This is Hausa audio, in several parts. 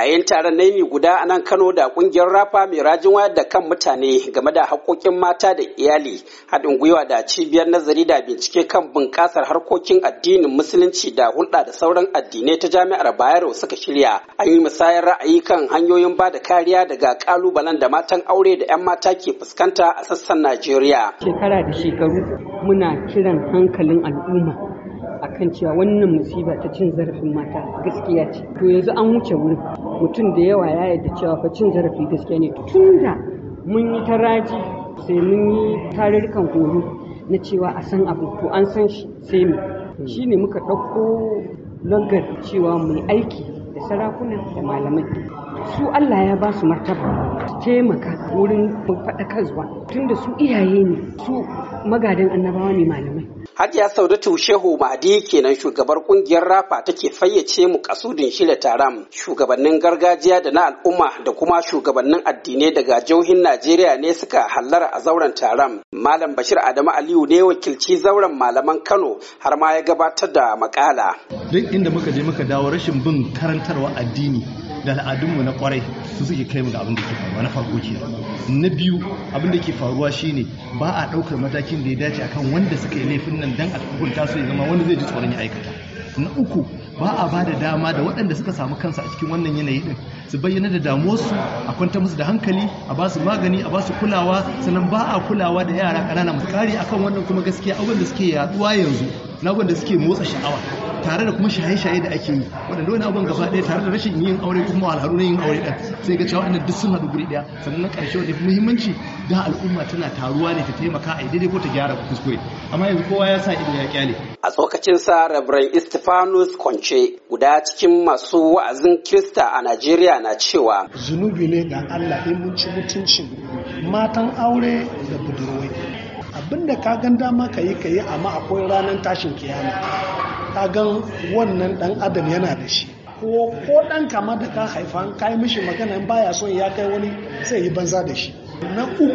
a yayin taron naimi guda a nan kano da kungiyar rafa mai rajin wayar da kan mutane game da haƙoƙin mata da iyali haɗin gwiwa da cibiyar nazari da bincike kan bunƙasar harkokin addinin musulunci da hulɗa da sauran addinai ta jami'ar bayero suka shirya an yi musayar ra'ayi kan hanyoyin ba da kariya daga ƙalubalen da matan aure da 'yan mata ke fuskanta a sassan najeriya shekara da shekaru muna kiran hankalin al'umma akan cewa wannan musiba ta cin zarafin mata gaskiya ce to yanzu an wuce wurin mutum da yawa ya da cewa fa cin zarafi gaskiya ne tunda mun yi taraji sai mun yi tarurrukan horo na cewa a san abu to an san shi sai mu hmm. shine muka ɗauko lagar cewa mai aiki da sarakuna da malamai su Allah ya ba su martaba taimaka wurin tun da su iyaye ne su magadan annabawa ne malamai. Hajiya Saudatu Shehu madi kenan shugabar kungiyar Rafa take fayyace mu kasudin shirya taron shugabannin gargajiya da na al'umma da kuma shugabannin addinai daga jihohin Najeriya ne suka hallara a zauren taron. Malam Bashir Adamu Aliyu ne wakilci zauren malaman Kano har ma ya gabatar da makala. Duk inda muka je muka dawo rashin bin karantarwa addini da al'adunmu na kwarai su suke kai mu ga abin da ke faruwa na farko ke na biyu abin da ke faruwa shine ba a ɗaukar matakin da ya dace akan wanda suka yi laifin nan dan a hukunta su ya zama wanda zai ji tsoron ya aikata na uku ba a ba da dama da waɗanda suka samu kansu a cikin wannan yanayi din su bayyana da damuwarsu a kwanta musu da hankali a ba su magani a ba su kulawa sannan ba a kulawa da yara ƙanana musu kare akan wannan kuma gaskiya abin da suke yaduwa yanzu na wanda suke motsa sha'awa tare da kuma shaye-shaye da ake yi waɗanda wani abin gaba ɗaya tare da rashin yin aure kuma alharu yin aure ɗan sai ga cewa waɗannan duk sun haɗu guri ɗaya sannan na ƙarshe wanda fi muhimmanci da al'umma tana taruwa ne ta taimaka a daidai ko ta gyara kuskure amma yanzu kowa ya sa ido ya kyale. a tsokacin sa rabirai istifanus kwance guda cikin masu wa'azin kirista a najeriya na cewa zunubi ne ga allah in mun ci mutuncin matan aure da budurwai abinda ka gan dama ka yi ka yi amma akwai ranar tashin kiyama Ka gan wannan dan adam yana da shi ko ko dan kama da ka haifa ka mishi magana in baya son ya kai wani zai yi banza da shi na uku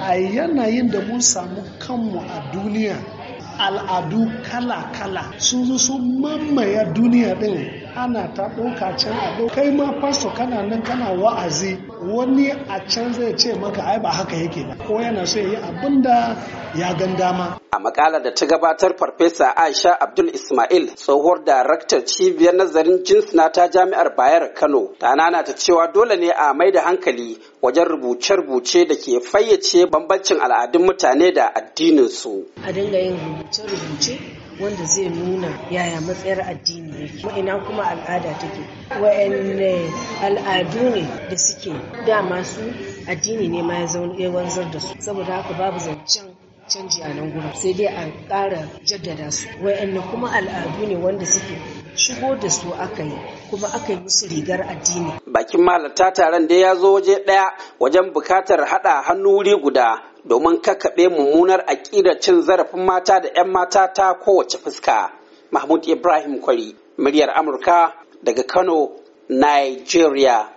a yanayin da mun samu kanmu a duniya al'adu kala-kala sun zo sun mamaya duniya din ana ta ɗauka can a kai ma fasto kana nan kana wa'azi wani a can zai ce maka ai ba haka yake ba ko yana so ya yi abin da ya gan dama a makalar da ta gabatar farfesa aisha abdul ismail tsohuwar daraktar cibiyar nazarin jinsina ta jami'ar bayar kano ta nana ta cewa dole ne a mai da hankali wajen rubuce-rubuce da ke fayyace bambancin al'adun mutane da addininsu a dinga yin rubuce-rubuce wanda zai nuna yaya matsayar addini yake ina kuma al'ada take wa'anne al'adu ne da suke dama su addini ne ma ya wanzar da su saboda haka babu zancen canji a nan gurin sai dai a ƙara jaddada su wa'anne kuma al'adu ne wanda suke shigo da su aka yi kuma aka yi musu rigar addini bakin malata taron da ya zo waje ɗaya wajen bukatar haɗa hannu wuri guda domin kakaɓe mummunar aƙidar cin zarafin mata da 'yan mata ta kowace fuska. Mahmud Ibrahim Kwari, muryar Amurka daga Kano, Nigeria.